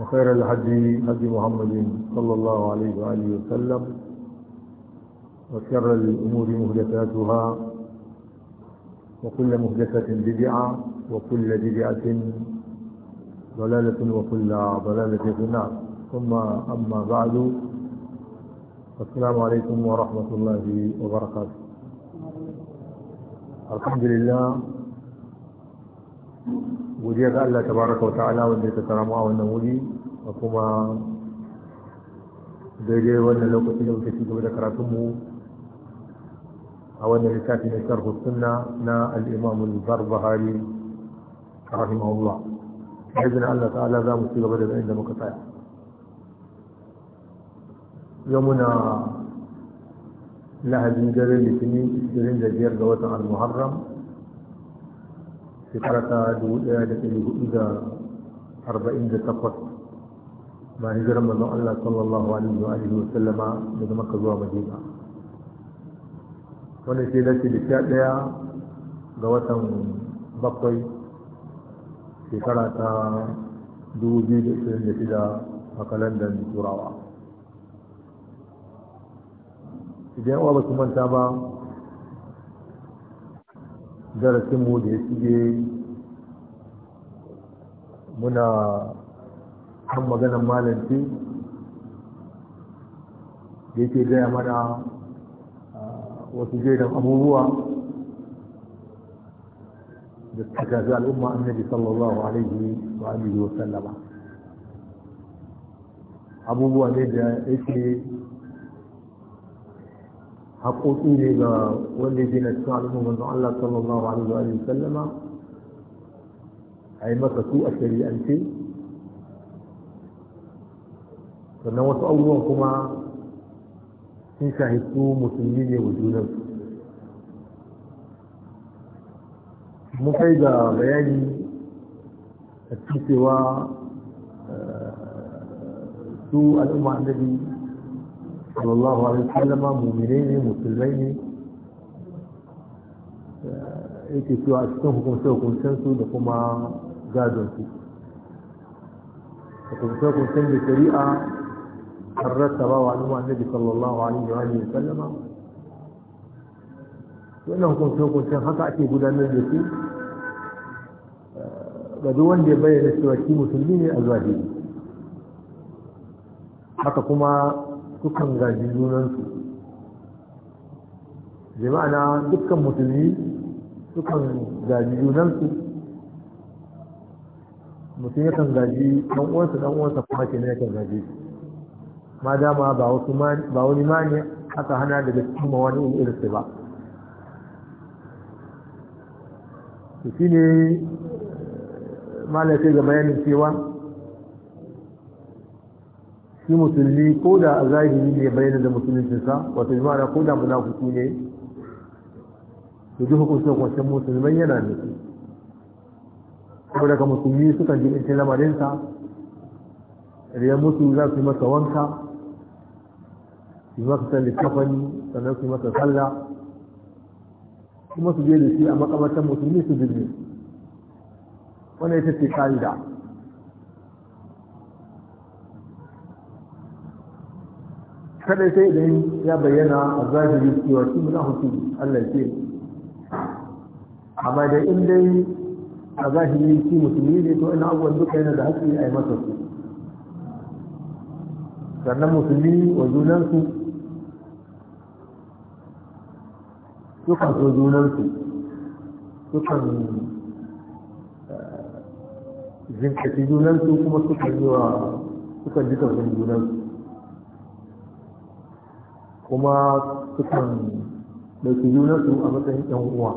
وخير الهدي هدي محمد صلى الله عليه وآله وسلم وشر الأمور مهدفاتها وكل مهدفة بدعة وكل بدعة ضلالة وكل ضلالة في النار ثم أما بعد السلام عليكم ورحمة الله وبركاته الحمد لله godiya ga Allah tabaraka wa ta'ala wanda ya tsara mu a wannan wuri da kuma daidai wannan lokacin da muke cigaba da karatun mu a wannan littafi na sharhu sunna na al-Imam al-Barbahari rahimahullah izinin Allah ta'ala za mu cigaba da inda muka tsaya yau muna lahadin garin litinin 25 ga watan al-Muharram shekara ta dubu ɗaya da ɗari hudu da arba'in da takwas ba hijirar mazan Allah sallallahu alaihi wa alihi wa sallama daga maka zuwa madina wannan sai dace da sha ɗaya ga watan bakwai shekara ta dubu biyu da ɗari da shida a kalandar turawa idan yawa ba su manta ba darasinmu da ya shige muna kan maganar malanci da yake gaya mana wasu jaidan abubuwa da suka fi al'umma annabi sallallahu alaihi wa alihi wa sallama abubuwa ne da yake haƙoƙi ne ga wanda yake na cikin al'ummar manzon Allah sallallahu alaihi wa sallama a yi masa su a shari'ance sannan wasu abubuwan kuma sun shahi su musulmi ne wa junan mun kai ga bayani a cikin cewa su al'umma annabi صلى الله عليه وسلم مؤمنين مسلمين آه، ايتي سوى اشتنفكم سوى كنسنسو لكما جادون في فكم سوى كنسنسو سريعا حررت سباوة نوع النبي صلى الله عليه وآله وسلم وإنه كم سوى كنسنسو حتى أتي قد النبي في آه، ودوان دي بيان السواكي مسلمين الواهدين حتى كما sukan gaji junansu jima'ana dukkan musulmi sukan gaji junansu mutum yakan gaji ɗan uwansa ɗan uwansa kuma ke yakan gaji ma dama ba wani ba wani aka hana daga cikin mawani irinsu ba shi ne malaka ga bayanin cewa shi musulmi ko da a zahiri ne bayyana da musuluncinsa wato bi ma'ana ko da munafiki ne to duk hukuncin kwanciyar musulman yana da su kuma daga musulmi suka ji in lamarinsa riyan musu za su yi masa wanka su masa san littafani sannan su masa sallah kuma su je da shi a makamantar musulmi su jirgin wani ita ce ka'ida kada sai idan ya bayyana a zahiri cewa shi hutu Allah ce amma da in dai a zahiri shi musulmi ne to ina abubuwan duka yana da haƙƙi a yi masa su sannan musulmi wa junansu sukan so junansu sukan eh, zinkaci junansu kuma sukan yi wa sukan ji tausayin junansu kuma sukan ɗauki junansu a matsayin ɗan uwa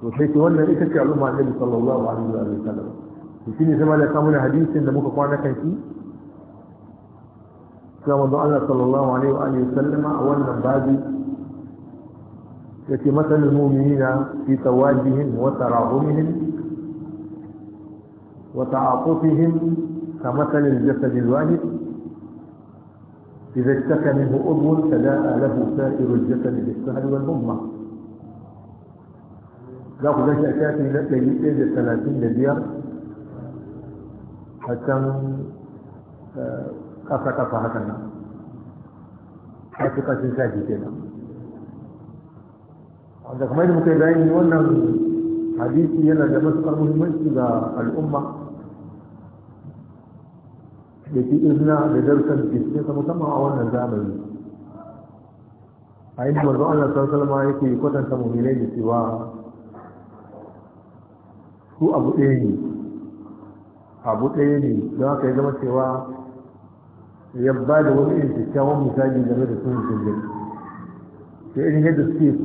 to sai ce wannan ita ce al'umma annabi sallallahu alaihi wa sallam to shine sai malaka kawo mana hadisin da muka kwana kan shi sai manzo Allah sallallahu alaihi wa alihi sallam a wannan babi yace masalul mu'minina fi tawajihim wa tarahumihim wa ta'atufihim كمثل الجسد الواحد إذا اشتكى منه عضو تلاءى له سائر الجسد بالسهل والهمة za ku zai shakati na 135 a can kasa-kasa haka nan kasu-kasun shafi ke nan wanda kuma yadda muka yi bayani wannan hadisi yana da matuƙar muhimmanci ga al'umma da ke izina da darussan da ke ta musamman a wannan zamani a inda wanzu Allah sallallahu alaihi yake kwatanta mu'minai da cewa su abu ɗaya ne abu ɗaya ne don haka ya zama cewa ya ba da wani irin kyakkyawan misali game da sun jirgin sai irin yadda suke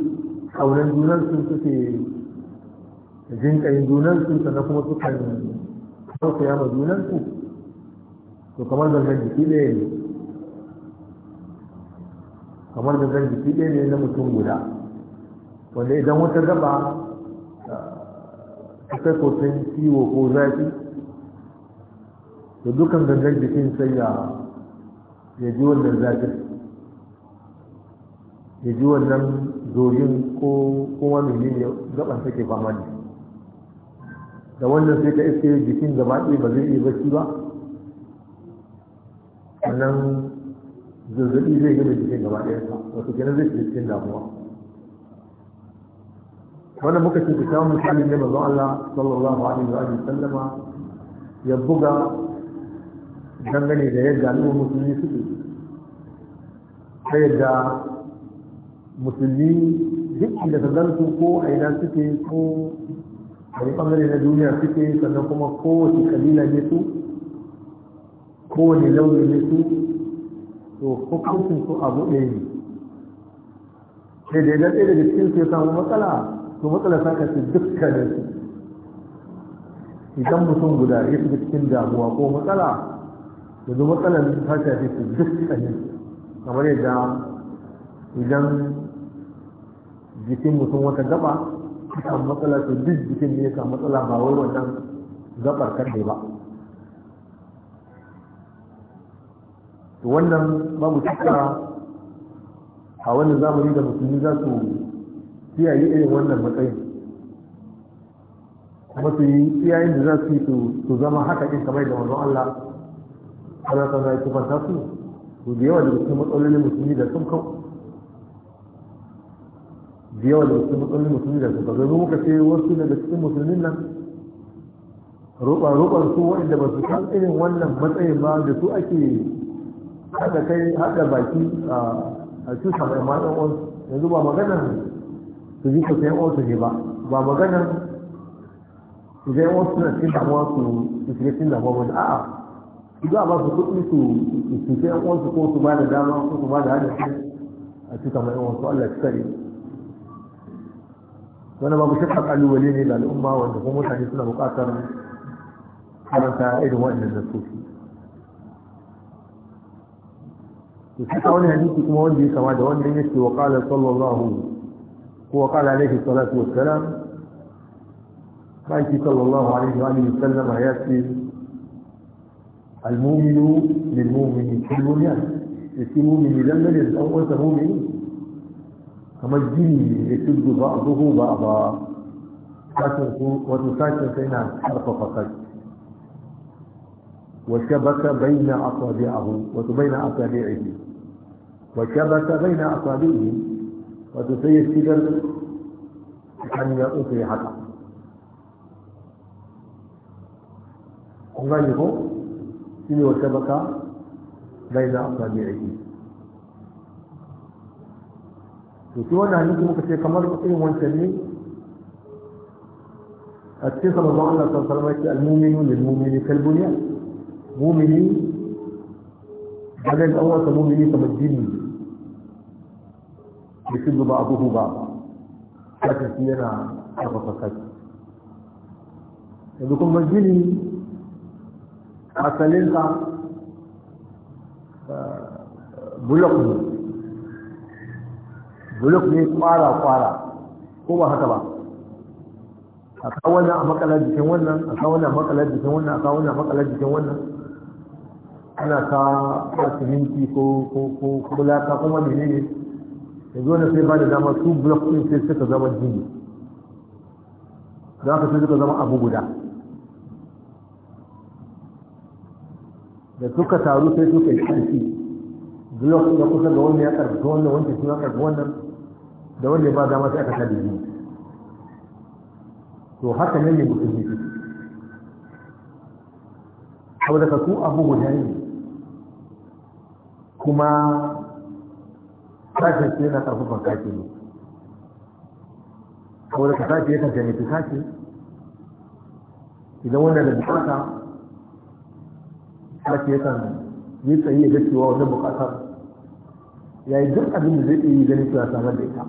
ƙaunar junan sun suke jinƙayin junan sun sannan kuma sukan sauka ma junan su to kamar gangan jiki ɗaya ne kamar gangan jiki ɗaya ne na mutum guda wanda idan wata gaba ta eh, kai kotun ciwo ko zafi to dukan gangan jikin sai ya ji wannan zafi, ya ji wannan zojin ko kuma ne gaban take fama da wannan sai ka iske jikin gaba ɗaya ba zai iya bacci ba wannan zazzabi zai gina jikin gaba ɗaya sa wasu gina zai shiga cikin damuwa wannan muka ce ta samun misalin ne mazan Allah sallallahu alaihi wa sallama ya buga dangane da yadda al'ummar musulmi suke ta yadda musulmi duk da ta zanto ko a ina suke ko a yi ɓangare na duniya suke sannan kuma kowace kabila ne su kowane launi ne su to hukuncin su abu ɗaya ne sai da idan ɗaya daga cikin su ya samu matsala to matsala ta kasu dukkanin su idan mutum guda ya shiga cikin damuwa ko matsala yanzu matsalar ta shafi su dukkanin kamar yadda idan jikin mutum wata gaba ta matsala to duk jikin ne ya samu matsala ba wai wannan gabar ne ba to wannan babu cika a wannan zamani da musulmi za su kiyaye irin wannan matsayin kuma su yi iyayen da za su yi su zama haka ɗin kamar da wani Allah ana sana ya ta su to da yawa da cikin matsalolin musulmi da sun kau da yawa da cikin matsalolin musulmi da sun kau zai muka ce wasu daga cikin musulmin nan roƙar su waɗanda ba su san irin wannan matsayin ba da su ake haka kai haka baki a cuta mai ma ɗan uwansu yanzu ba maganar su ji su sayan wasu ne ba ba maganar su sayan wasu na cikin damuwa su su shiga cikin damuwa wani a'a su za a ba su kuɗi su su sayan wasu ko su ba da dama ko su ba da hada a cuta mai uwansu Allah ya kare wani babu kan kalubale ne da al'umma wanda kuma mutane suna buƙatar karanta irin waɗannan da nasoshi to wani hadisi kuma wanda ya kama da wanda yake wa qala sallallahu ko wa qala alaihi salatu wassalam baiki sallallahu alaihi wa alihi wasallam ya ce المؤمن للمؤمن كل يوم يكون مؤمن لما الأول مؤمن كما الجن ko, wato بعضا وتساكن فإنها حرف فقط وشبك بين أصابعه وبين أصابعه وشبك بين أصابعه وتسي الشجر أن أطيحك غيره إن وشبك بين أصابعه to wannan hadisi muka ce kama irin wancan ne a cikin sabon Allah sallallahu alaihi wasallam ya ce al mumini ba zai ɗan wasa mumini kamar jini da shi ba abubu ba sake shi yana ƙarfafa sake yanzu kuma jini asalinsa bulok ne bulok ne kwara-kwara ko ba haka ba a kawo wannan a makalar jikin wannan a kawo wannan a makalar jikin wannan a kawo wannan makalar jikin wannan ana ka siminti ko ko ko kuma ne ne ya zo da sai ba da dama su blok ɗin sai suka zama jini za ka sai suka zama abu guda da suka taru sai suka yi ƙarfi block ya kusa ga wani ya ƙarfi wannan wancan shi ya ƙarfi wannan da wanda ba dama sai aka da jini to haka ne ne mutum ne saboda ka su abu guda ne kuma sashen ce na ƙarfafan kake ne da ka sashe yakan mai sashe idan wanda da bukata sashe yakan yi tsaye ya ga wa wajen bukatar yi duk abin da zai iya yi ganin cewa samar da ita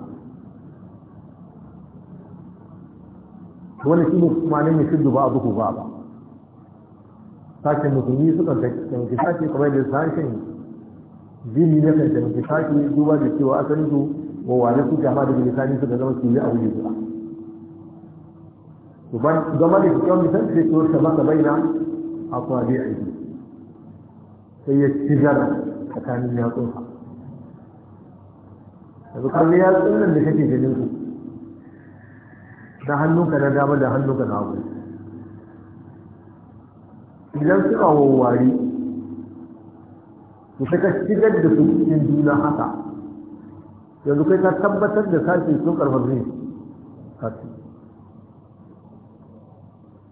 wani shi ne kuma ne mai shiddu ba a duku ba ba sashen musulmi sukan taimaki sashe kamar da sashen jini ne kan taimaki sashi duba da cewa asalin su wane su kama daga lisani suka zama su yi a wuri guda to ban zama da kyau misali sai to ta maka baina a kwabi a yi sai ya ci zara tsakanin yatsunsa yanzu kalli yatsun nan da kake ganin su da hannunka na dama da hannunka na hagu idan suna wawari to sai ka shigar da su cikin juna haka yanzu kai ka tabbatar da sashi sun karfar zai kasu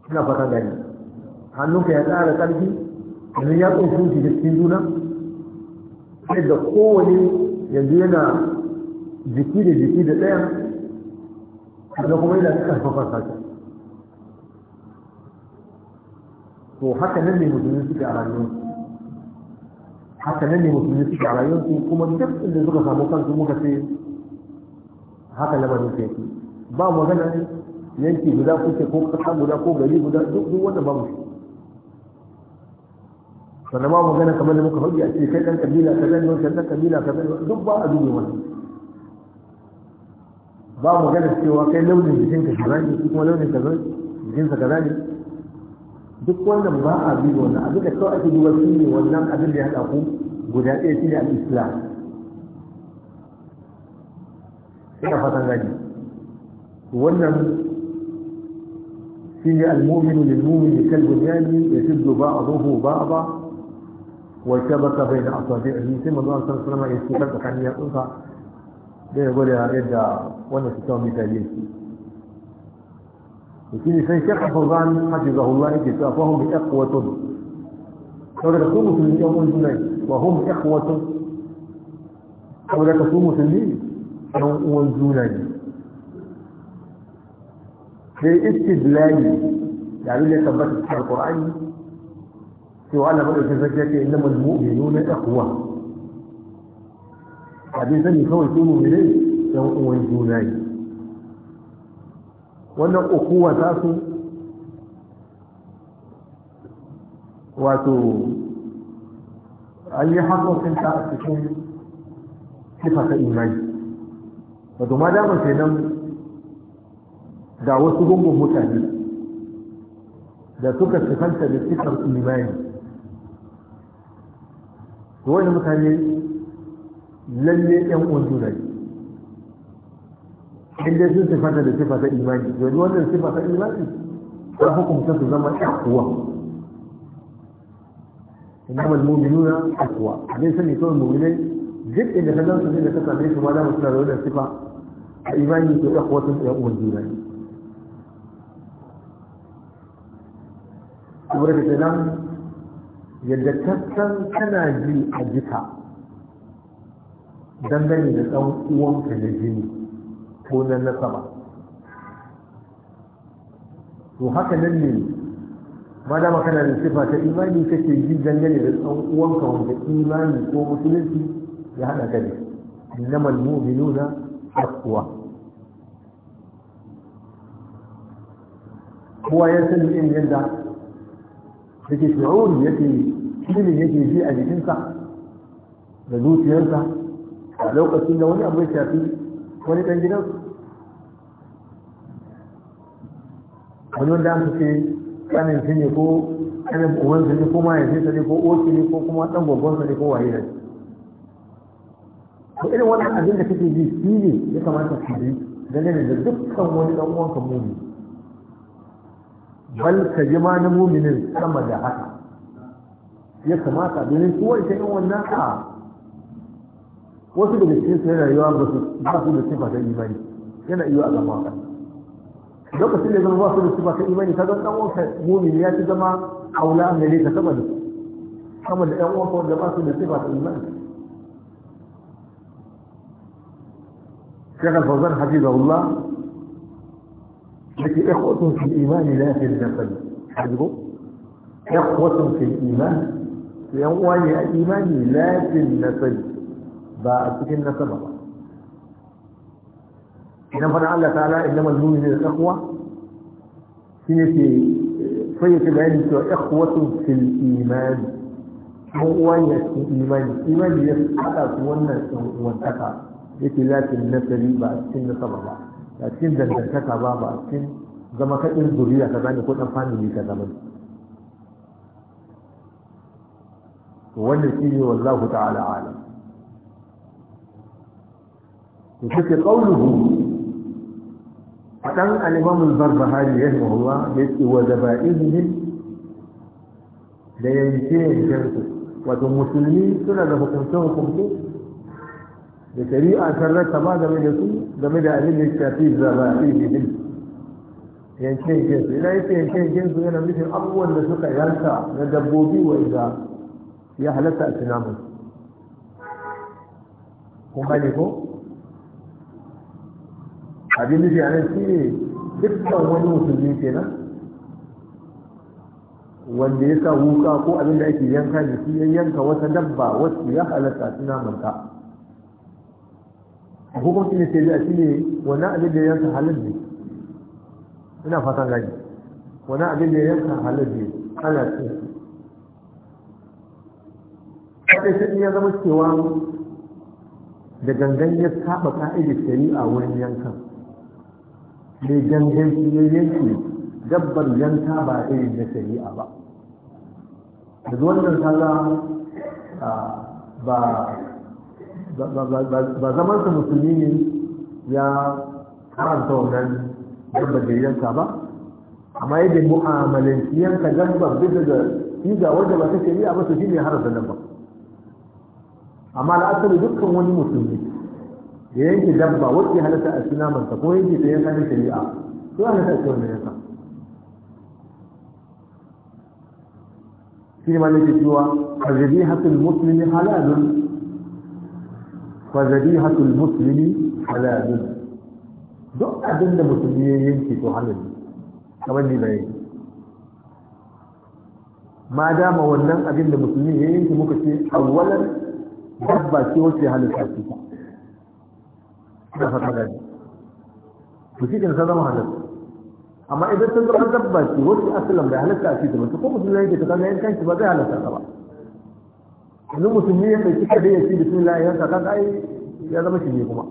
suna fata gani hannunka ya tsara karfi yanzu ya tsofi shi da cikin juna sai da kowane yanzu yana jiki da jiki da ɗaya da kuma yana karfafa sake to haka nan ne musulmi suke a hannunsu haka nan ne musulmi suke a rayuwarsu kuma duk inda suka samu kansu muka ce haka na ke sai ba magana yanki guda kuke ko kasa guda ko gari guda duk wanda ba mu sannan ba magana kamar da muka faɗi a ce kai ɗan kabila ka zai wancan ɗan kabila ka zai duk ba a dubi wani ba magana cewa kai launin jikinka kaza ne kuma launin kaza jikinsa kaza ne duk wannan ba a bi wannan a duka kawai ake duba shi ne wannan abin da ya haɗa ku guda ɗaya shi ne al-islam ina fatan gani wannan shi ne al-muminu lil-mumini kal-bunyani yashuddu ba'dahu ba'dahu والشبكة بين أصابعه ثم الله صلى الله عليه وسلم يسكت عن يقصى ليقول يا رجال وانا ستوم بتاليه shine sai shekha fawzan hafizahullah yake cewa fa hum ikhwatun saboda wa hum ikhwatun saboda uwan juna ne sai istidlali da abin da ya tabbata cikin alqur'ani cewa yake ikhwa abin sani kawai su yan uwan juna ne wannan ukuwa ta su wato an yi haƙoƙin ta a cikin sifa ta imani wato ma damar kenan ga wasu gungun mutane da suka sifanta da sifar imani to wani mutane lalle yan uwan juna in dai sun sifata da sifa ta imani yanzu wannan sifa ta imani ta hukunta su zama ƴakuwa inama almu'minuna aqwa abin sani kawai mu'minai duk inda ka su ne da ka same su ma da musu da wannan sifa a imani to aqwatun ya uwan juna kuma da nan yadda san kana ji a jika dangane da ɗan uwanka na jini ko nan na sama to haka nan ne madama kana da sifa ta imani kake ji dangane da ɗan uwanka wanda imani ko musulunci ya haɗa ka ne innama almu'minuna aqwa kowa ya sani in yadda yake shi'uri yake shirin yake ji a jikinsa da zuciyarsa a lokacin da wani abu ya shafi wani ɗan gidan wani wanda an ce ƙanin shi ne ko kanin su ne ko mahaifinsa ne ko oki ne ko kuma ɗan su ne ko waye ne ko irin wani abin da kake ji shi ne ya kamata ka yi ne da dukkan wani ɗan uwanka mumi bal ka ji ma na muminin sama da haka ya kamata domin su ita yin wannan a wasu daga cikin su yana yiwa ba su ba su da sifa ta imani yana yiwa a zama kan lokacin da zama ba su da sifa ta imani kaga dan uwanka mumin ya ci zama aula ne ka sama da sama da ɗan uwanka wanda ba su da sifa ta imani شيخ الفوزان حفظه الله لكن إخوة في الإيمان لا في النسل حفظه إخوة في الإيمان يوم الإيمان لا في النسل باكتنا سببا اذا فرع الله تعالى انما المؤمن الاخوه سنتي فيت بعيد اخوه في الايمان هو يسكي ايمان ايمان يسكت اخوانا وانتقى يتي لكن نسلي باكتنا سببا لكن دندنتك بابا اكتن زما كاين ذريه كذاني كو دان فاميلي كذاني وانا فيه والله تعالى to take qauluhu fadan al-imam al-barbahari rahimahullah yace wa zabaihim da yanke yankensu wato musulmi suna da hukunce hukunce da shari'a ta rattaba game da su game da abin da shafi zabaihim yankin jinsu ina yake yankin jinsu yana nufin abubuwan da suka yanka na dabbobi wanda ya halatta a tunamin kun gane ko abin nufi a nan shine dukkan wani musulmi kenan wanda ya sa wuka ko abin da ake yanka da shi ya yanka wata dabba wasu ya halatta suna manta hukunci ne sai shi ne wani abin da ya yanka halin ne ina fatan gani wani abin da ya yanka halin ne ana ce kaɗai sai ya zama cewa da gangan ya saba ka'idar shari'a wurin yankan mai ganganci ya dabbar yanka ba irin na shari'a ba da wannan kaga ba zaman sa musulmi ne ya karanta wannan dabbar da yanka ba amma yadda mu'amalin yanka dabbar bisa ga siga wanda ba ta shari'a ba su shi ne nan ba. amma la'asar dukkan wani musulmi ya yanke dabba wacce halatta a cikin namanta ko yanke ta yanka na shari'a ko halatta a cikin wannan yanka shi ne ma nake cewa fazadihatul muslimi halalun fazadihatul musulmi halalun duk abin da musulmi ya yanke to halal kamar ni bai ma dama wannan abin da musulmi ya yanke muka ce awwalan dabba ce wacce halatta ce da fata gani to shi kin zama halal amma idan sun zama dabba ce wasu asalan bai halatta a cikin ta ko musulmi yake ta kaga yankan shi ba zai halatta ba yanzu musulmi ya ɗauki kada ya ce bismillah ya yanka kaga ai ya zama shi ne kuma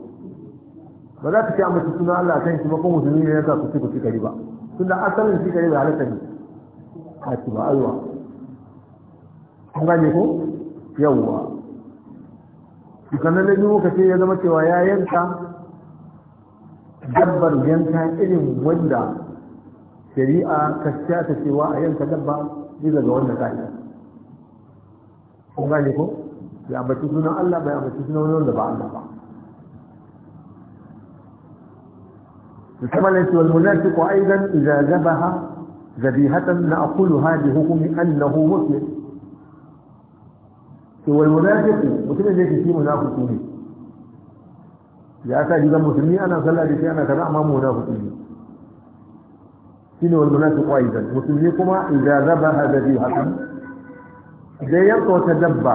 ba za ka ce amma suna Allah kan shi ba ko musulmi ne yanka ku ci ku ci kari ba tunda asalin shi kari bai halatta ne a ci ba aiwa an gane ko yawwa sannan na biyu muka ce ya zama cewa ya yanka dabbar yanka irin wanda shari'a ta shata cewa a yanka dabba bisa ga wanda ka yi kun gane ko ya bace sunan Allah bai bace sunan wani wanda ba Allah ba musamman yake wal munafiqu aidan idza zabaha zabihatan aqulu hadi hukmi annahu muslim to wal munafiqu mutum ne yake shi munafiki ne ya sa rigar musulmi ana sallah da shi ana kaza amma mu munafiki ne shine wal munafiqu aidan musulmi kuma idza zabaha bi hakan idan ya ta dabba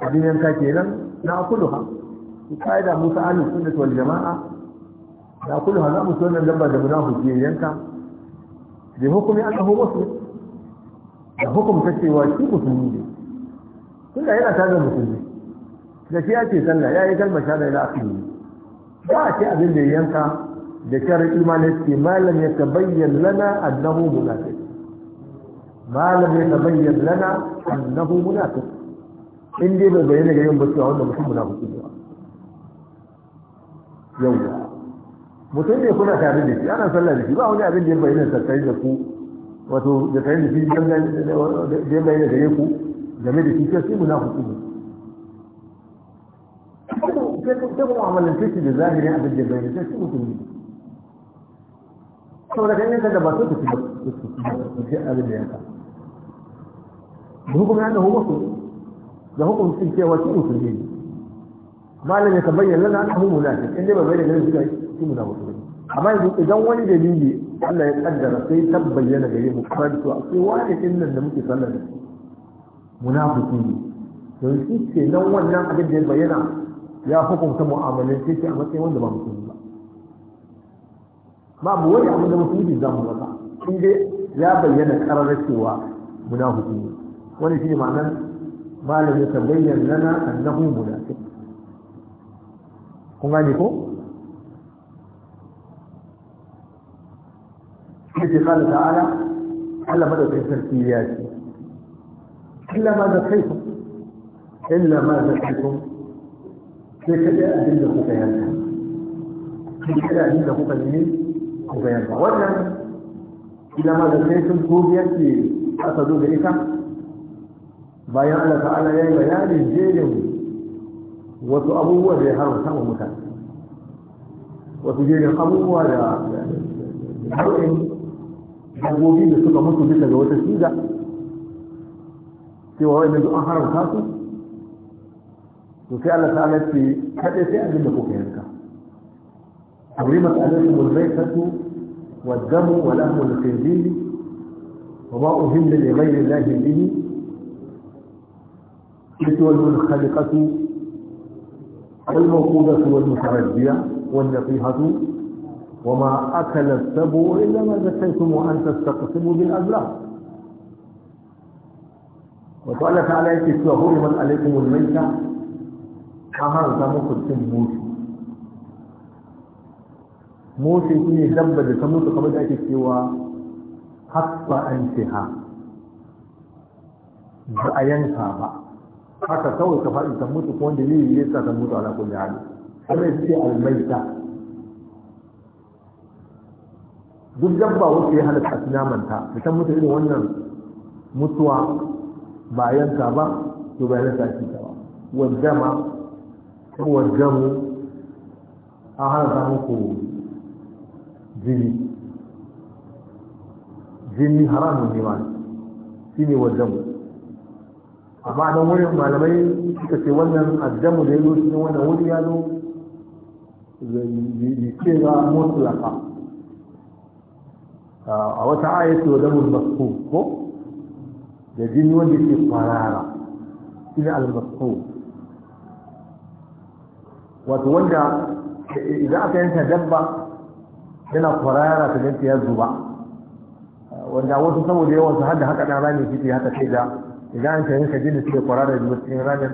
abin yanka kenan na akuluha kaida musa ahli sunnah wal jamaa na akuluha za mu sunan dabba da munafiki yanka bi hukumi annahu muslim da ta cewa shi musulmi ne tunda yana tare da musulmi da shi ya ce sallah ya yi kalmar shahada ila akhirih ba a ce abin da ya yanka da sharar imanin ce malam ya tabayyan lana annahu munafiq malam ya tabayyan lana annahu munafiq in dai bai bayyana ga yin ba cewa wanda mutum munafiki ne yauwa mutum ne kuna tare da shi ana sallah da shi ba wani abin da ya bayyana tattare da ku wato da tare da shi da ya bayyana gare ku game da shi sai munafiki ne sai kuma amalance shi da zahiri a da bayani sai shi mutum da kan yanka da ba su tafi da shi abin da yanka da hukumin da hukumin cewa shi mutum ne malam ya na lana hukumu na inda ba bayyana shi amma yanzu idan wani dalili Allah ya kaddara sai ta bayyana gare mu kuma to akwai wani din nan da muke sallar munafiki ne don shi ce nan wannan abin da ya bayyana ya hukunta mu'amalan shi a matsayin wanda ba musulmi ba babu wani abin da musulmi za mu masa in dai ya bayyana karar cewa muna hukumi wani shine ma'anar malam ya tabayyan lana annahu munafiq kun gane ko yake kala ta'ala Allah madaukakin sarki ya ce illa ma zakaitum illa ma zakaitum sai kaɗai abin da kuka yanka sai kaɗai abin da kuka ne kuka yanka wannan idan ma da sai sun kogiyar ce aka zo da ita bayan Allah ta'ala ya yi bayanin jerin wasu abubuwa da ya haramta wa mutane wasu jerin abubuwa da nau'in dabbobi da suka mutu bisa ga wata shiga cewa wani duk an haramta su to sai Allah ta'ala ce kada حرمت عليكم الميتة والدم ولهم الخنزير وما أهل لغير الله به الفتوى المنخلقة والموقودة والمتردية والنطيحة وما أكل السبع إلا ما ذكيتم أن تستقسموا بالأزلام وقال تعالى يكتوى هرمت عليكم الميتة kamar haramta samun cin mutu mutu shi ne dabba da ta mutu kamar da ake cewa hatta an ce ha ba a yanka ba haka kawai ka faɗi ta mutu ko wanda yi yi sa ta mutu ala kulli hali kuma ya ce almaita duk dabba wacce ya halatta a sinamanta da ta mutu irin wannan mutuwa ba yanka ba to ba yanka shi ta ba wanda ma huwa damu a hana muku jini jini haramun ne ma shi ne wa damu amma don wurin malamai suka ce wannan addamu da ya zo ne wannan wuri ya zai ce ga lafa a wata ayatu wa damu masu ko da jini wanda ke kwarara shi ne al wato wanda idan aka yanka dabba yana kwarara ta ganta ya zuba wanda wasu saboda yawan su hada haka dan rami fiti haka sai da idan an kayan ka jini suke kwarara da cikin ramin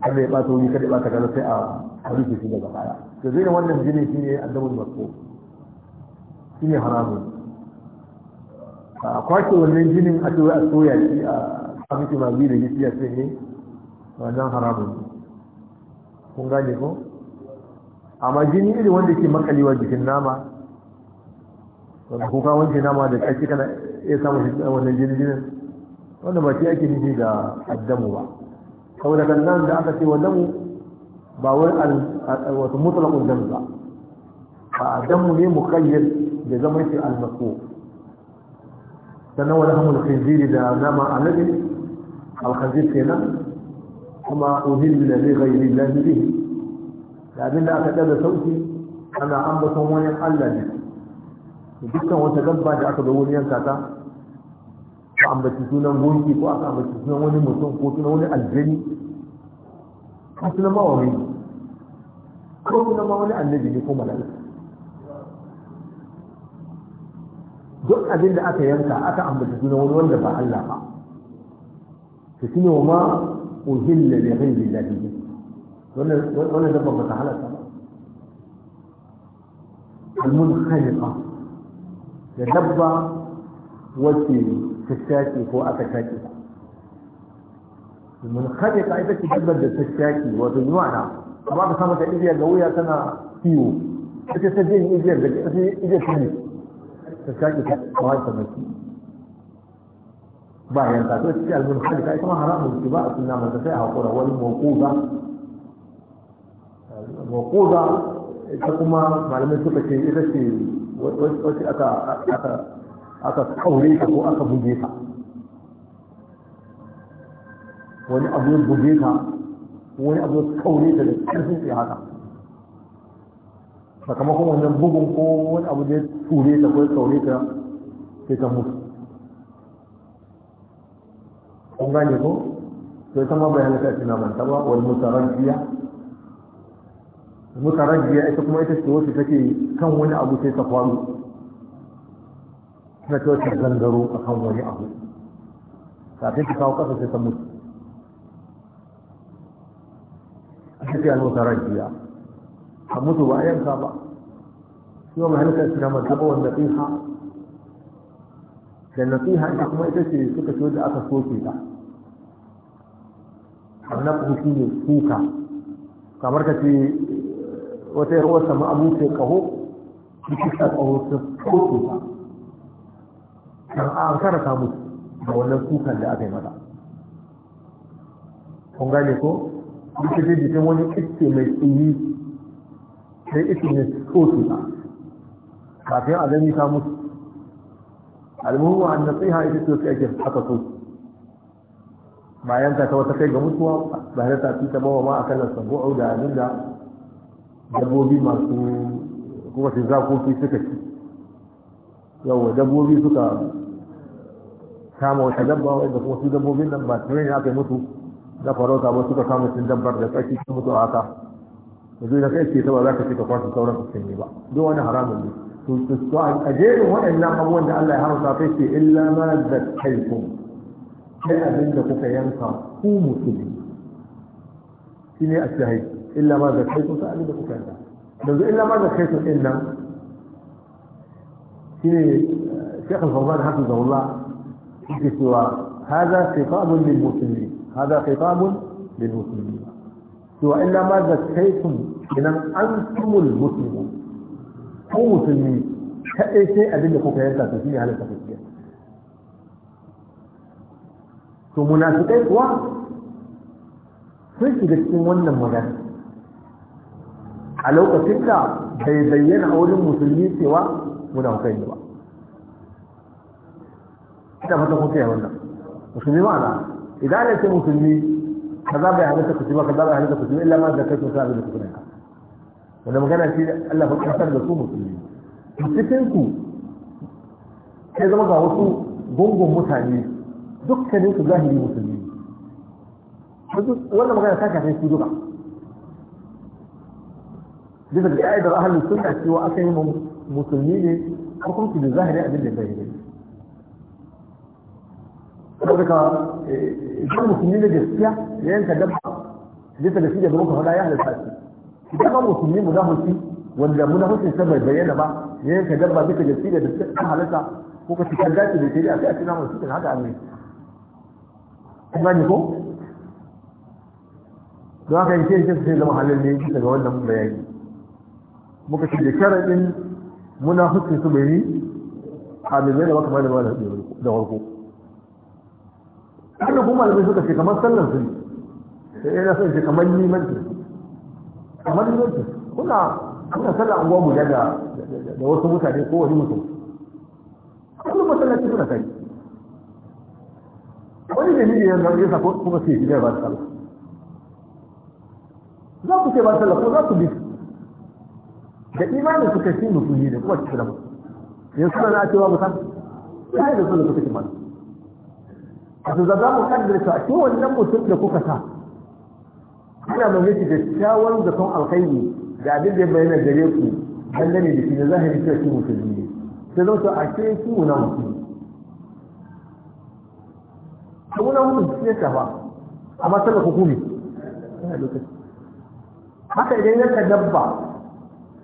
har ya ɓata wuri kada ya ɓata gano sai a rufe shi daga baya to zai wannan jini shi ne addabul masko shi ne haramun a kwace wannan jinin a a soya shi a abinci ma biyu da gisiya sai ne eh, wannan haramun kun gane ko amma jini iri wanda ke makalewa jikin nama wanda kuka wanke nama da ƙarfi kana iya samun shi wannan jini jinin wanda ba shi ake nufi da addamu ba saboda kan nan da aka ce wa damu ba wai wato mutlaqun dam ba a damu ne kayyar da zama shi almasu sannan wani hamul khinziri da nama alabi al kenan kuma uhillu li ghayri allahi bihi da abin da aka ɗaga sauti ana ambaton wani allah ne dukkan wata dabba da aka zo wani yanka ta ka ambaci sunan gunki ko aka ambaci sunan wani mutum ko sunan wani aljani ko sunan ma wani ko sunan ma wani annabi ne ko mala'ika duk abin da aka yanka aka ambaci sunan wani wanda ba Allah ba to shine wa ma uhilla li ghayri Allah وانا دبر تعالى المن خالقة يدبر وشي تشاكي هو أتشاكي المن خالقة إذا تدبر تشاكي وتنوانا ما بسامت إذيا قوية سنة فيو إذا سجين إذيا قوية إذيا قوية تشاكي فهي تمشي بايان تاتو المن خالقة إذا ما حرام الكباء سنة مدفعها قرى والموقوبة makoza ita kuma malamai suka ce ita ce wacce aka kaure ta ko aka buge ta wani abu ya buge ta wani abu ya kaure ta da ƙarfin sai haka sakamakon wannan bugun ko wani abu da ya ture ta ko ya kaure ta sai ta mutu kun gane ko sai ta ma bayan ta ina manta ba wani mutaran biya mutarajiya ita kuma ita ce wasu take kan wani abu sai ta faru na ta wacce gangaro a kan wani abu kafin ta kawo kasa sai ta mutu ita ce al-mutarajjiya a mutu ba a yanka ba shi wa mahalika shi na mazaba wanda tsiha da tsiha ita kuma ita ce suka ce wanda aka soke ta a shi ne kuka kamar ka ce wata yarwar sama abu ce kaho cikin sa kaho ta koke ta kan an kara samu da wannan kukan da aka yi mata kun gane ko duka zai jikin wani iske mai tsiri sai iske ne koke ta kafin a gani ta mutu na an nasiha ita ce ake haka so bayan ta ta wata kai ga mutuwa ba ta ta ba ma akan sabu'u da abinda dabbobi masu kuma su zakoki suka ci yawa dabbobi suka kama wata dabba wadda kuma su dabbobin nan ba tare ne aka yi mutu na farauta ba suka kama cin dabbar da tsaki su mutu a haka yanzu na kai ce saboda za ka ce ka kwasa sauran ne ba duk wani haramun ne to a jerin waɗannan abubuwan da Allah ya haramta sai ce illa ma zakkaikum sai abin da kuka yanka ku musulmi ne a shahid illa ma zakaitu ta abin da kuka yarda yanzu illa ma zakaitu din nan shine Sheikh Al-Fawzan hafizahullah yake cewa hadha khitabun lil muslimin hadha khitabun lil muslimin to illa ma zakaitum idan antumul musulmi ko musulmi kaɗai sai abin da kuka yarda to shine halatta kuka to munafikai kuwa sun shiga cikin wannan magana a lokacin da bai bayyana wurin musulmi cewa muna munafukai ne ba ita fata kuka yi wannan musulmi ma'ana idan ne ce musulmi za bai halitta kusurwa ba za bai halitta kusurwa illa ma kai ku sa'a da ku ne wanda magana shi Allah ya kasar da su musulmi cikin ku sai zama ga wasu gungun mutane dukkanin su zahiri musulmi wannan magana ta kafin su duka لذلك قاعدر أهل السنة سوى أكيهم مسلمين حكمت بالظاهر يعني أدل الباهرين فذلك آه، جاءوا مسلمين جسيا لأنك دبع لذلك السيدة بروكة هلا يهل الحاسي كتابة مسلمين مناهوسي والمناهوسي سبب البيانة بقى لأنك دبع بك جسيا بسيطة حالتا فوق التكالات اللي تريد أكيه أكيه نعمل سيطة هذا عمي أكبر يقول لو كان يصير كيف يصير لما حللني كيف يصير لما حللني muka ce da sharaɗin muna hukunci su bai a bayyana ba kamar da ba da warko haka kuma malamai suka ce kamar sallar su ne. sai yana son ce kamar limanci kamar limanci kuna kuna sallar anguwa gwamu da da wasu mutane ko wani mutum kullum masallaci suna kai wani da ne yanzu ya sa kuma sai ya ba sallah za ku ce ba sallah ko za ku bi da imanin su kashi mutum ne kuma cikin lamu suna na a cewa musan ya yi da su da kuka kimanin a su zaza mu kaddarta a cikin wannan mutum da kuka sa ana yake da kyawun zaton alkhairi da abin da ya bayyana gare ku dangane da shi da zahiri cewa shi mutum ne sai zan so a ce shi muna musulmi a muna mutum shi ya shafa amma sallar hukumi haka idan ya dabba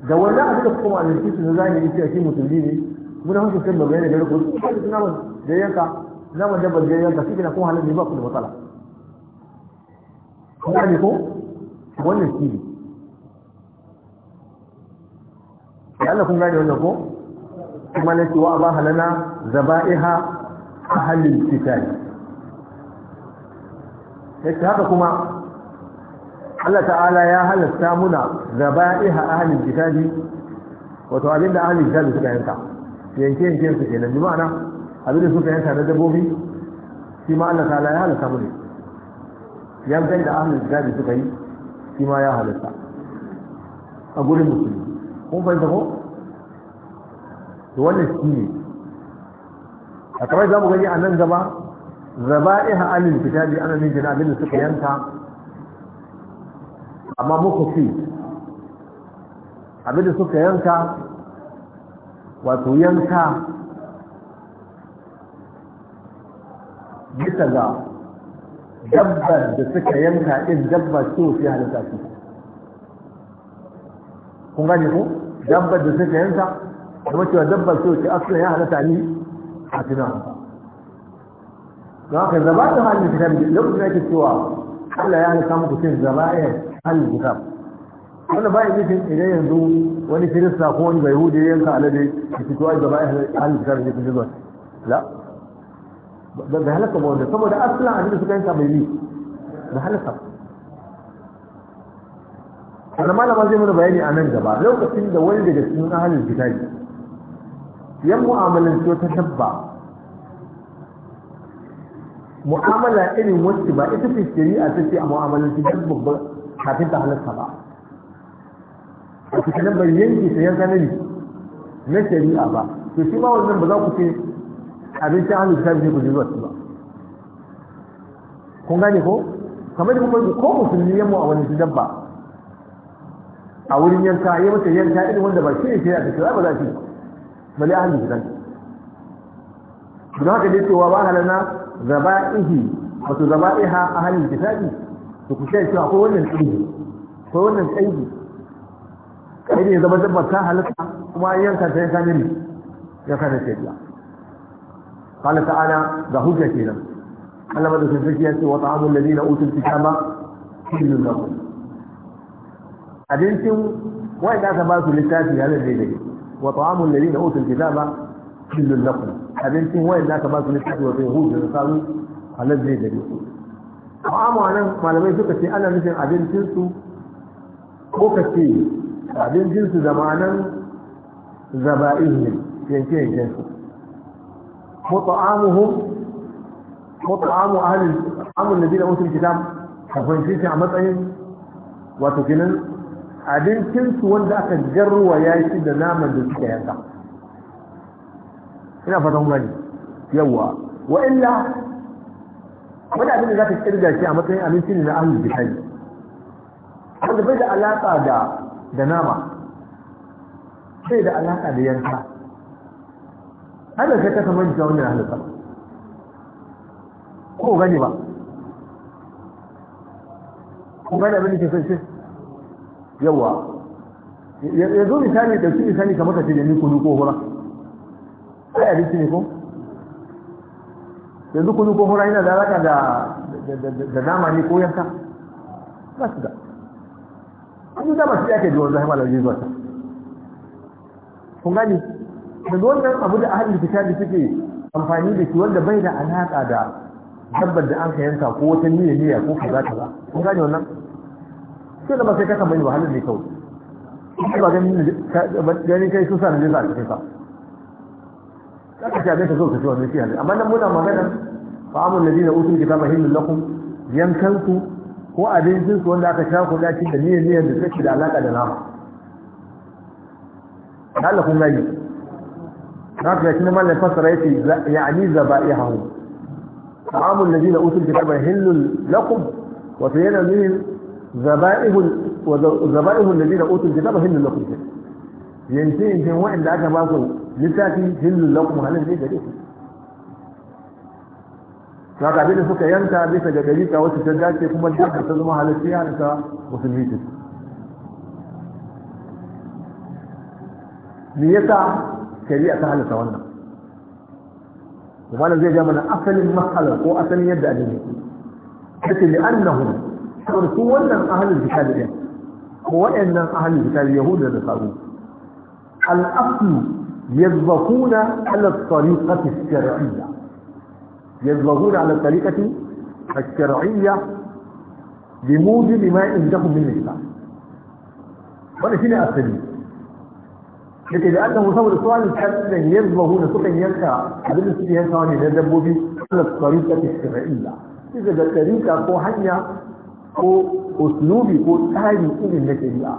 da wannan abin da kuma a zargi su na zahiri cewa shi musulmi ne muna hankali sai ba yana da riko su ba su naman da yanka naman da ban da yanka shi ne kuma halin ne ba ku da matsala kuma ne ko wannan shi ne Allah kun gane wannan ko kuma ne cewa ba halana zaba'iha halin kitab yake haka kuma Allah ta'ala ya halasta muna zaba'iha ahlul kitabi wato abinda ahlul kitabi suka yanka yanke yanke su kenan bi ma'ana abinda suka yanka na dabobi shi ma Allah ta'ala ya halasta mu ne yankan da ahlul kitabi suka yi shi ma ya halasta a gurin musulmi kun fahimta ko to wannan shi ne a kamar za mu gani a nan gaba zaba'iha ahlul kitabi ana nufin abinda suka yanka amma muku fi abinda suka yanka wato yanka bisa ga dabbar da suka yanka in dabba ce fi halitta su kun gane ku? dabbar da suka yanka kuma cewa dabbar ce ce asali ya halitta ni a tunan don haka zaba da hannun ta lokacin da ake cewa Allah ya halitta muku cin zaba'in ahlul kitab wanda ba yi nufin idan yanzu wani kirista ko wani bai hudu yanka alade da fito a gaba ahlul kitab ne kun jizo la da halaka ba wanda saboda aslan abin da suka yanka bai yi da halaka wanda malama zai mana bayani a nan gaba lokacin da wani daga cikin ahalin kitabi yan mu'amalan ta dabba mu'amala irin wacce ba ita ce shari'a ta ce a mu'amalan ta dabba kafin ta halatta ba a su cikin bai yanki sayan sanari na shari'a ba to shi ma wannan ba za ku ce abincin hannun shafi ne ku ji zuwa ba kun gane ko kamar da kuma ko musulmi yamma a wani ba a wurin yanka ya mata yanka irin wanda ba shi ne shari'a ta shi ba za shi bale hannun ta don haka dai cewa ba halana zaba'ihi wato zaba'iha a hannun kitabi to ku sai cewa ko wannan tsayi ko wannan tsayi kai ne zama dabbar ta halitta kuma yanka ta yanka ne ya kana ce ya qala ta'ala ga hujja kenan Allah madaukakin sarki ya ce wa ta'amul ladina utul kitaba kullun lakum abincin wai da aka ba su littafi ya zai daidai wa ta'amul ladina utul kitaba kullun lakum abincin wai da aka ba su littafi daidai amma nan malamai suka ce ana nufin abincinsu ko ka ce abincinsu zamanan zaba'ihim yanke yankensu ko ta'amuhum ko ta'amu ahlul amun nabi da musul kitab ka fahimci shi a matsayin wato kinan abincinsu wanda aka jarruwa ya yi da naman da suka yanka ina fatan gani yawwa wa illa wani abin da za ka kirga shi a matsayin abinci ne na ahlul jihadi wanda bai da alaƙa da da nama bai da alaƙa da yanka hannun ka kasa manta wani halitta ko gani ba ko gani abin da ke son shi yawa yanzu misali ɗauki misali kamar ka ce da ni kudu ko hura sai abinci ne ko yanzu kudu ko hura yana da alaka da nama ne ko yanka ba su da an yi dama su yake jiwon zahima da jizuwa ta kun gani da wannan abu da ahalin da suke amfani da shi wanda bai da alaka da dabbar da an ka yanka ko wata niyya niyya ko kaza ba kun gane wannan sai da ba sai ka tambayi ba ne kawai ba ganin kai su sa na jinsa a ta sa za ka shafe ta zo ka ci wannan shi halal amma nan muna magana fa amul ladina utul kitaba hilul lakum yankanku ko abincin su wanda aka shafa da shi da niyyar niyyar da take da alaka da nama Allah kun gani haka shi ne mallan fasara yace ya'ni zaba'ihu ta'amul ladina utul kitaba hilul lakum wa yana nihin zaba'ihu wa zaba'ihu ladina utul kitaba hilul lakum yanzu yanzu wa'anda aka ba su littafi hillun lakum halin ne gare ku ta ga da suka yanka bisa ga gari ta wacce ta dace kuma duk ta zama halacciya da ta musulmi ce me yasa shari'a ta halatta wannan wala zai ga mana asalin mahalar ko asalin yadda a dini kace li annahu su wannan ahlul kitab din ko waɗannan ahlul kitab yahuda da sabu al-aslu يظهرون على الطريقة الشرعية يظهرون على الطريقة الشرعية بموجب ما عندهم من الإسلام وأنا شنو أبتدي لكي لأنه صور السؤال حتى يظهرون سكن ينكا هذا السبيه ينكا من الدبوبي على الطريقة الشرعية إذا ذا الطريقة قوحية هنيا أسلوب أسلوبي هذه تاري إلي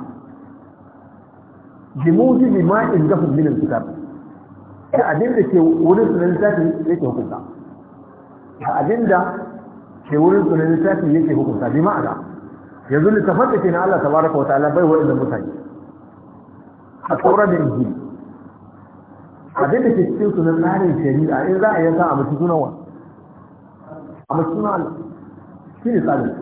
بموجب ما عندهم من الكتاب da abin da ke wurin sunan littafi yake hukunta da abin da ke wurin yake hukunta bi ma'ana yanzu littafin da ke na Allah tabaraka wa ta'ala bai wa'in da mutane a tsoron da injili abin da ke cikin sunan tsarin shari'a in za a yanka a mutu sunan wa a mutu sunan Allah shi ne tsarin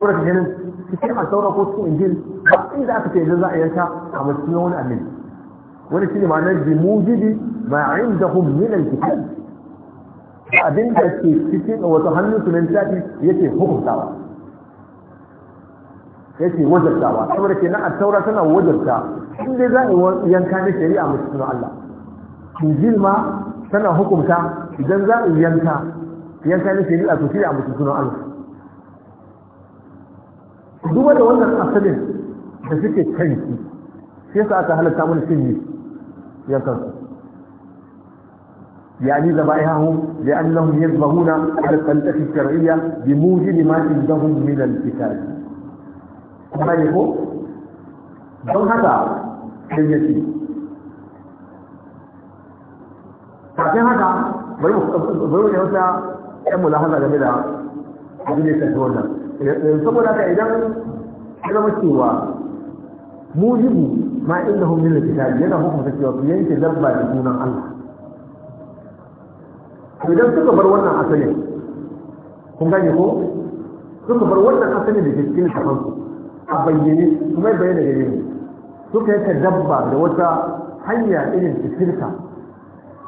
kura ta ganin cikin a saura ko cikin injil ba inda aka ce za a yanka a matsayin wani annabi wani shi ne ma'anar bi mujibi ma inda hum min alkitab abin da ke cikin wato hannun su na littafi yake hukuntawa yake wajabtawa saboda ke nan a saura tana wajabta in dai za a yanka na shari'a matsayin Allah injil ma tana hukunta idan za a yanka yanka na shari'a to shi a matsayin Allah duba da wannan asalin da suke kanki shi yasa aka halatta mana cin yi yankan يعني ذبائحهم لأنهم يذبحون على الطريقة الشرعية بموجب ما عندهم من الكتاب كما ko don haka sai ya ce kafin haka bari mu ne wata ‘yan mulahaza game da abin da ya tafi wannan saboda ka idan ya zama cewa mujibu ma inda hun min kitabi yana hukunta cewa su yanke dabba da sunan Allah idan suka bar wannan asalin kun gane ko suka bar wannan asalin da ke cikin kafansu a bayyane kuma bayyana gare ne suka yanka dabba da wata hanya irin ta shirka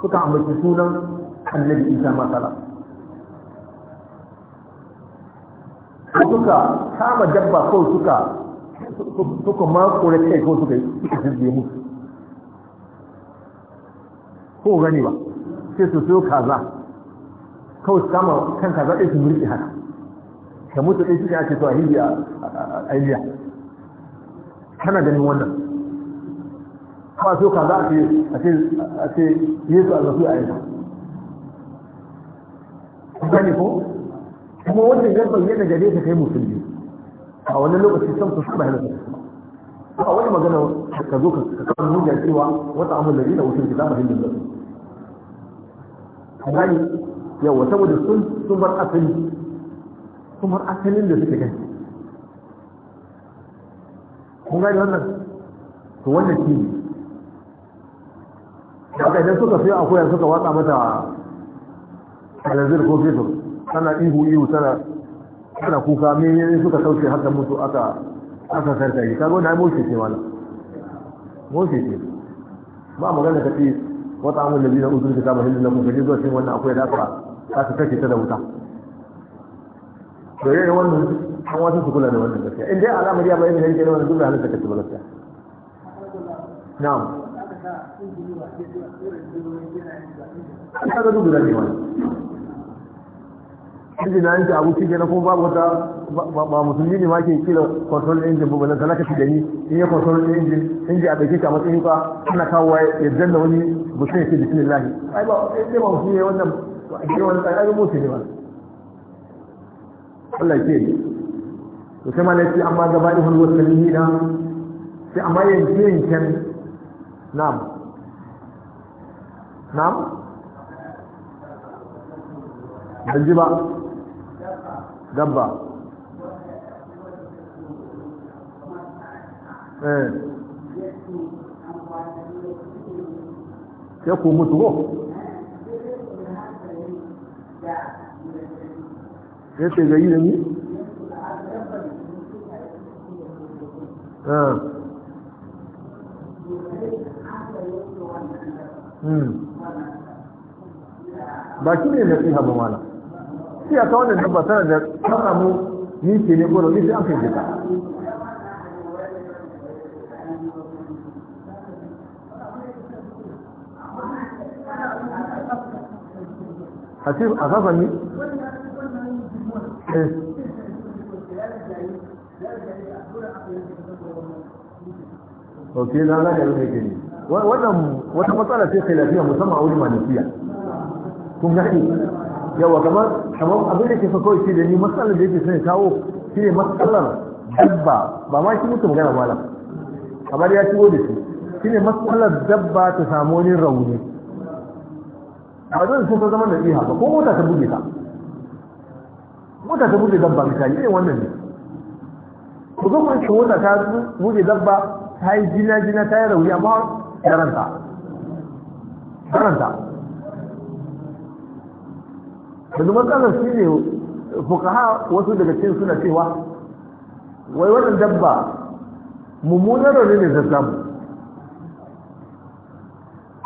suka ambaci sunan annabi isa masala suka kama dabba ko suka suka kore kai ko suka yi mu ko gani ba sai su so kaza kawai su kama kan kaza ɗaya su murɗe haka ka mutu ɗaya suka ce to a hibiya a iliya kana ganin wannan kawai so kaza a ce yesu a zafi a yanzu gani ko kuma wannan ya bayyana gare ka kai musulmi a wani lokaci san su saba halaka a wani magana ka zo ka kawo hujja cewa wata amul da rina wucin kitabu hindun da su gani yawa saboda sun sun bar asali sun bar asalin da suke gani kun gani wannan to wannan shi ne da idan suka fiye akwai suka watsa mata alazir ko fitur tana ihu ihu tana tana kuka me ne suka sauke har mutu aka aka karkare kaga wannan moshi ce wala moshi ce ba magana ka ce wata amul ladina utul kitaba hillal lakum kaje zuwa cikin wannan akwai da aka aka kake ta da wuta to wannan an wasu su kula da wannan gaskiya alamar ya bayyana yake wannan da ba gaskiya na'am ga duk da ne wannan injin na yanki abu shi na kuma babu wata ba musulmi ne ma ke kila control engine ba balanta na kashi gani in ya control engine injin a ɗauke ka matsayin ka ana kawo wa ya janna wani mutum ya ce bismillah ai ba sai eh, ba musulmi ne wannan ba eh, a ce wani tsarin mutu ne ba Allah ke to sai ma lafi amma gaba ihun wasanni na sai amma yanzu yanken na'am na'am ban ji ba dabba ya eh. ku mutu ko ya ce ga yi da ni? Eh. Hmm. ba ki ne fi haɓa mana iya ta wannan dabba tana da ta ní nike ne ko rauni sai an kai ta hasib a sassan ni? ok na za ka yi ne wannan wata matsala ce khilafiya musamman a wuri malikiya kun gaɗi yawa kamar kamar abin da ke fa kawai shi da ni matsalar da yake sai kawo shi ne matsalar dabba ba ma shi mutum magana malam kamar ya shigo da shi shi ne matsalar dabba ta samu wani rauni a wajen sun ta zama da iya ba ko mota ta buge ta mota ta buge dabba misali ne wannan ne ku zo kun shi mota ta buge dabba ta yi jina jina ta yi rauni amma yaranta yaranta yanzu matsalar shi ne fukaha wasu daga cikin suna cewa wai wannan dabba mummunar rauni ne zai samu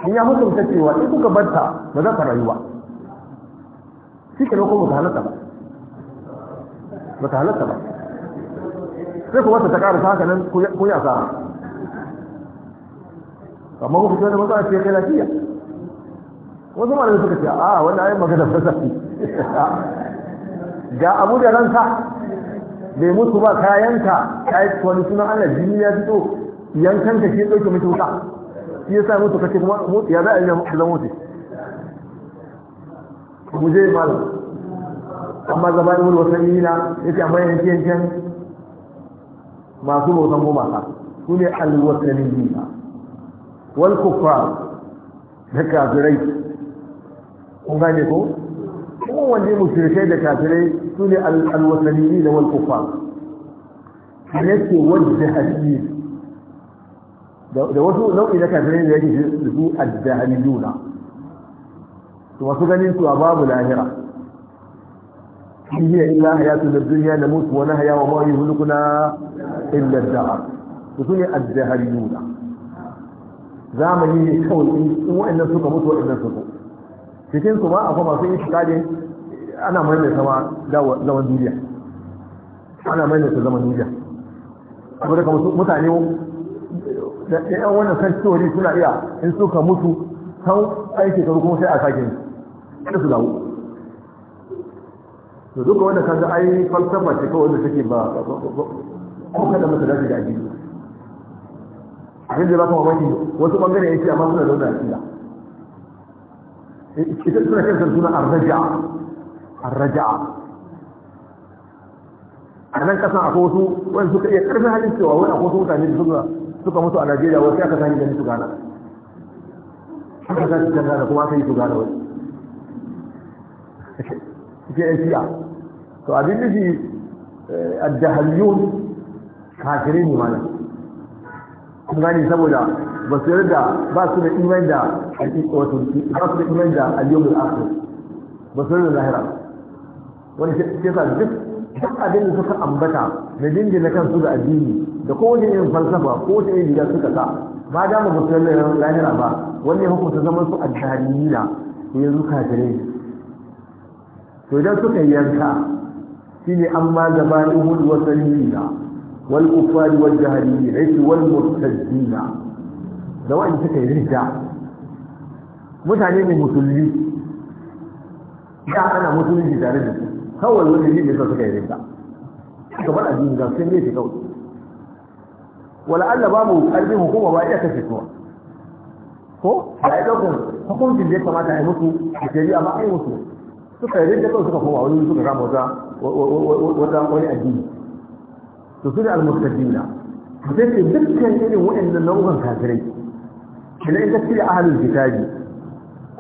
in ya hukunta cewa in kuka banta ba za ka rayuwa shi ke ko ba ta halatta ba ba ta halatta ba sai kuma ta ƙara ta haka nan kun yasa amma ku wani da matsala ce kai lafiya wasu malamai suka ce a wani ayin magana fasafi ga abu da ranta bai mutu ba kayanka ka yi wani suna ana jini ya fito yankanka shi ke ɗauke mutu wuta shi ya sa mutu kace kuma ya za a yi zan wuce mu je mal. amma zaba na ya yace amma yanki yankin masu bautan ka su ne alwasanina wal kuffar da kafirai kun gane ko kowanne mushrikai da kafirai su ne alwasaniyi da walkufa da yake wadda hadisi da wasu nau'i na kafirai da yake su addahaniyuna su wasu ganin su a babu lahira in hiya illa hayatu da duniya na mutu wani haya wa mawa yi hulukuna illa da'ar su su ne addahaniyuna zamani ne kawai in wa'annan suka mutu wa'annan suka cikin su ma akwai masu itikadin ana maimaita sama zaman duniya ana maimaita zaman duniya da kamar mutane da ɗan wannan san ciwori suna iya in suka mutu san aiki karu kuma sai a sake ne su dawo to duka wanda kan ga ai falsafa ce kawai wanda take ba ko kada mata dace da addini abin da ba kuma mamaki wasu bangare ce amma suna da a akida ita suna kansa suna arraja'a arraja'a a nan kasan a wasu wani suka iya karfin halin cewa wani a wasu mutane da suka mutu a najeriya wasu ya sani gani su gana aka sani su gana kuma aka yi su gana wasu ke yan shi'a to abin a jahaliyun kafirin ne mana kuma gani saboda ba su yarda ba su da iman da hakika wata wuce ba su da iman da al-yawmul akhir ba su da lahira wani ke sa duk duk abin da suka ambata na kan su da addini da kowace yin falsafa ko kowace irin riga suka sa ba da mu da lahira ba wani ya hukunta zaman su addanina to yanzu kafirai to idan suka yanka shine amma gabaihul wasalina wal kuffar wal jahalina wal murtadina da wa'in suka yi rida mutane ne musulmi da ana musulunci tare da su kawai wani ne sa suka yi rinka kamar addini ga sun ne shi kawai wala Allah ba mu karfin hukuma ba iya kashe suwa ko a yi ɗaukar hukuncin da ya kamata a yi musu a shari'a ba a yi musu suka yi rinka kawai suka koma wani suka kama wata wani addini to su ne almustaqimina sai dukkan irin waɗannan nau'ukan kafirai idan ka cire ahlul kitabi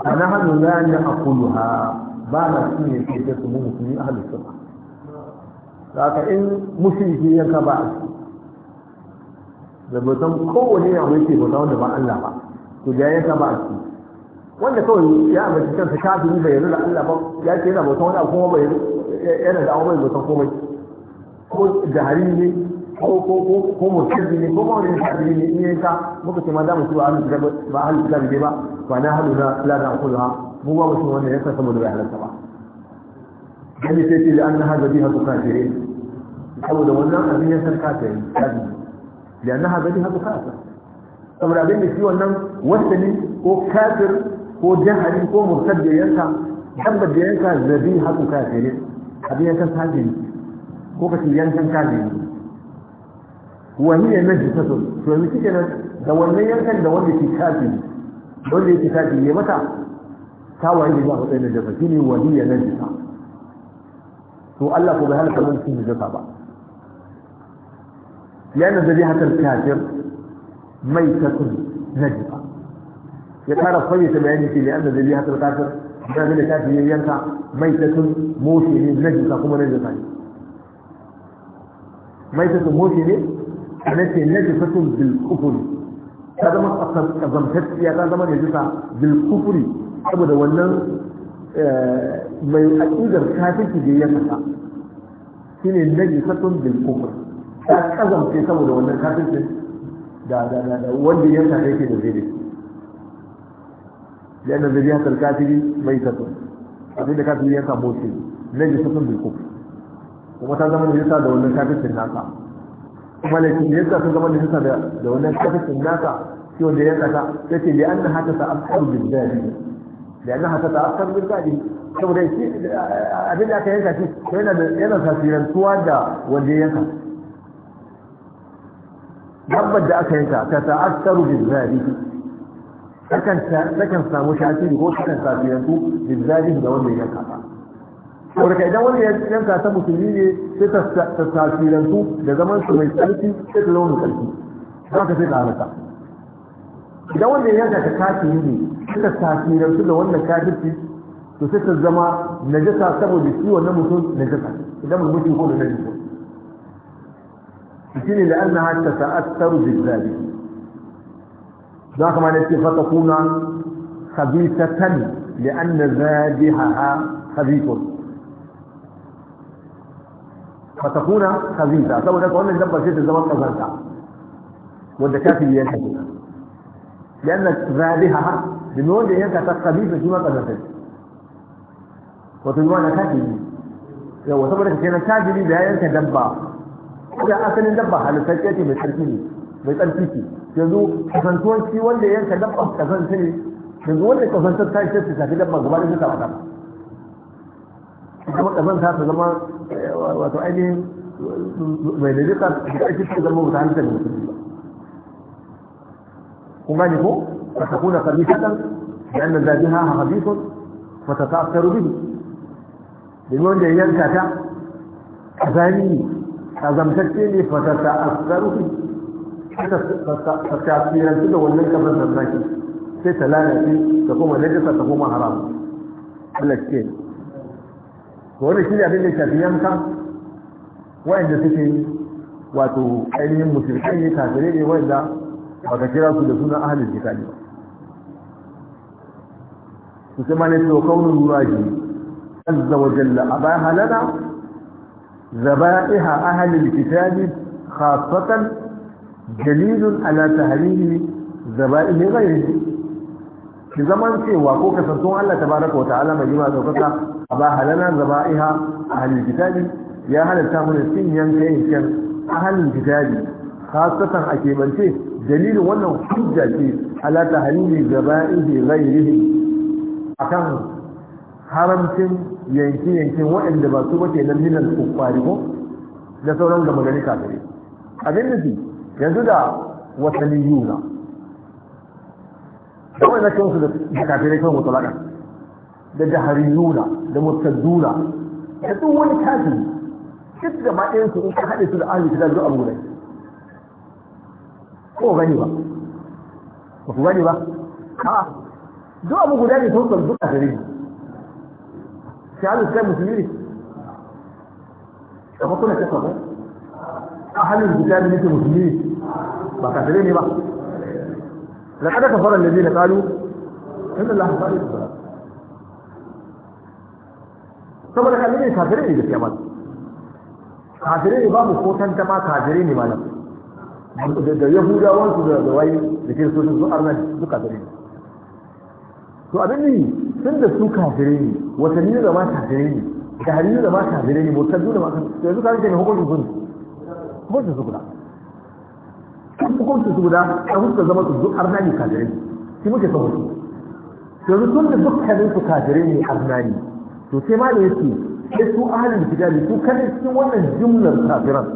فنحن لا la بعد سنة كيف shi ne أهل mu musulmi ahlus sunna haka in mushriki ya ka ba a ciki da wanda ba ya wanda kawai ya amince kansa kafiri bai yarda da Allah ya ce yana bautan wani abu kuma yana da abu bai bautan komai ko da hari ne ko ko ko ko mutazili ko mawrin tabili ne in yanka muka ce ma za mu ci ba da kitab ba ahlul kitab dai ba fa na halu na la da kulha mu ba mu wannan yasa saboda bai halarta ba dan sai ce an hada biha kafire saboda wannan abin ya san kafire kafi da an hada biha kafire saboda abin da shi wannan wasali ko kafir ko jahari ko murtad da yanka dabbar da yanka zabi haku kafire abin ya san kafire ko kace yankan kafire wahiyar na shi taso to yanzu kike nan da wannan yankan da wanda ke kafi wanda yake kafi ne mata ta wani ne za a tsaye da dafa shi ne wahiyar na shi to Allah ko bai halaka mun cikin jaka ba yana da jihatar kafir mai tasun najifa ya kara fayyace bayani ke yana da jihatar kafir da ne kafir ya yanka mai tasun moshi ne najifa kuma najifa ne mai tasun moshi ne ana ce na jifatun bilkufuri ta zama kazamtacciya ta zama da jisa bilkufuri saboda wannan mai aƙidar kafirci da ya kasa shi ne na jifatun bilkufur ta kazamce saboda wannan kafirci da wanda ya kasa yake da zai لأن ذريعة الكافر ميتة أبين الكافر ينسى موتي نجسة بالكفر ومتى زمن يسعى دولة الكافر في الناس malaki da yasa ka zama najasa da da wannan kafin nasa shi wanda ya saka sai ce da anna hata ta asar bil dadi da anna hata ta asar bil dadi saboda shi abin da aka yanka shi yana da yana tasirantuwa da wanda ya yanka dabbar da aka yanka ta ta asar bil dadi takan samu shafiri ko takan tasirantu bil dadi da wanda ya yanka wanda idan wani ya yanka ta musulmi ne sai ta tasirantu da zaman su mai tsarki sai ta launin tsarki za ka sai ta halaka idan wanda ya yanka ta kafiri ne sai ta tasirantu da wannan kafirci to sai ta zama najasa saboda shi wannan mutum najasa idan mun mutum ko da najasa shi ne da an annaha ta ta'assaru bizzabi za ka ma ne ce fata fatakuna khabithatan li anna zadiha khabithun fatakuna kazita saboda ka wannan dabbar sai ta zama kazanta wanda ta kafiri ya kace yana zabiha domin wanda yanka ta kazita shi ma kazanta wato ma na kafiri yawa saboda ka kenan kafiri da ya yanka dabba da asalin dabba halittacce ce mai tsarki ne mai tsarki ce yanzu kasantuwan shi wanda ya yanka dabba kazanta ne yanzu wanda kasantar ta ce ta shafi dabba gaba da ta ba zama kazanta ta zama wato ainihin mai lalita da ake ta zama wata hankali musulmi ba kun gane ko ta takuna kabisatan da annan zabiha ha habisun wata ta'aftaru bihi domin wanda ya yanka ta kazani kazamtacce ne fata ta'aftaru bihi ta tasirantu da wannan kamar nan sai ta lalace ta koma najasa ta koma haram Allah ce to wannan shine abin da shafi yanka wa'inda suke wato ainihin musulmai ne kafirai ne wa'anda baka kira su da suna ahalin jikali ba su sai mana to kaunin muraji azza wa jalla a bayan halala zaba'iha ahalin kitabi khasatan dalilun ala tahrimi zaba'i ne gairi ki zaman cewa ko kasantuwan Allah ta tabaraka wa ta'ala mai jima daukaka ba abaha iha a halin kitabi ya halatta mana cin yanka yankan ahlul kitabi khasatan a kebance dalilin wannan hujja ce ala tahlili zaba'ihi a kan haramcin yanki yankin waɗanda ba su bace nan minan kuffari ko da sauran da gari kafirai abin nufi yanzu da wasanni yuna da wani na kansu da kafirai kan mutulakan da jahariyuna da mutadduna da duk wani kafiri duk da ɗayan su in ka haɗe su da ahli kitab zuwa abu gurai ko gani ba ba ku gani ba a duk abu guda ne sun kalbu a gari shahadu sai musulmi ne da kuma kasa ba ahalin kitab ne ke musulmi ne ba kafirai ne ba لقد كفر الذين قالوا ان الله ثالث ثلاثه saboda kalli ne kafirai ne gaskiya ba kafirai ne babu ko tanta ma kafirai ne malam da yahudawan wansu da wai da kiristocin su arna su kafirai ne to abin ne sun da su kafirai ne watanni da ma kafirai ne da hannu da ma kafirai ne motar da ma kafirai su kafirai ne hukuncin sun hukuncin su guda hukuncin su guda a hukunci zama su zuwa arna ne kafirai shi muke sabon su yanzu sun da dukkanin su kafirai ne arna ne to sai ma da yake sai su ahalin kitabi su kan cikin wannan jumlar kafiran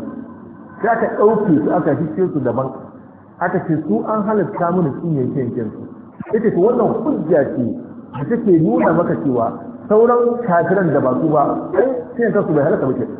sai aka ɗauke su aka shi su daban aka ce su an halatta mana su ne yankin su yake wannan hujja ce da take nuna maka cewa sauran kafiran da ba su ba sai kan su bai halatta ba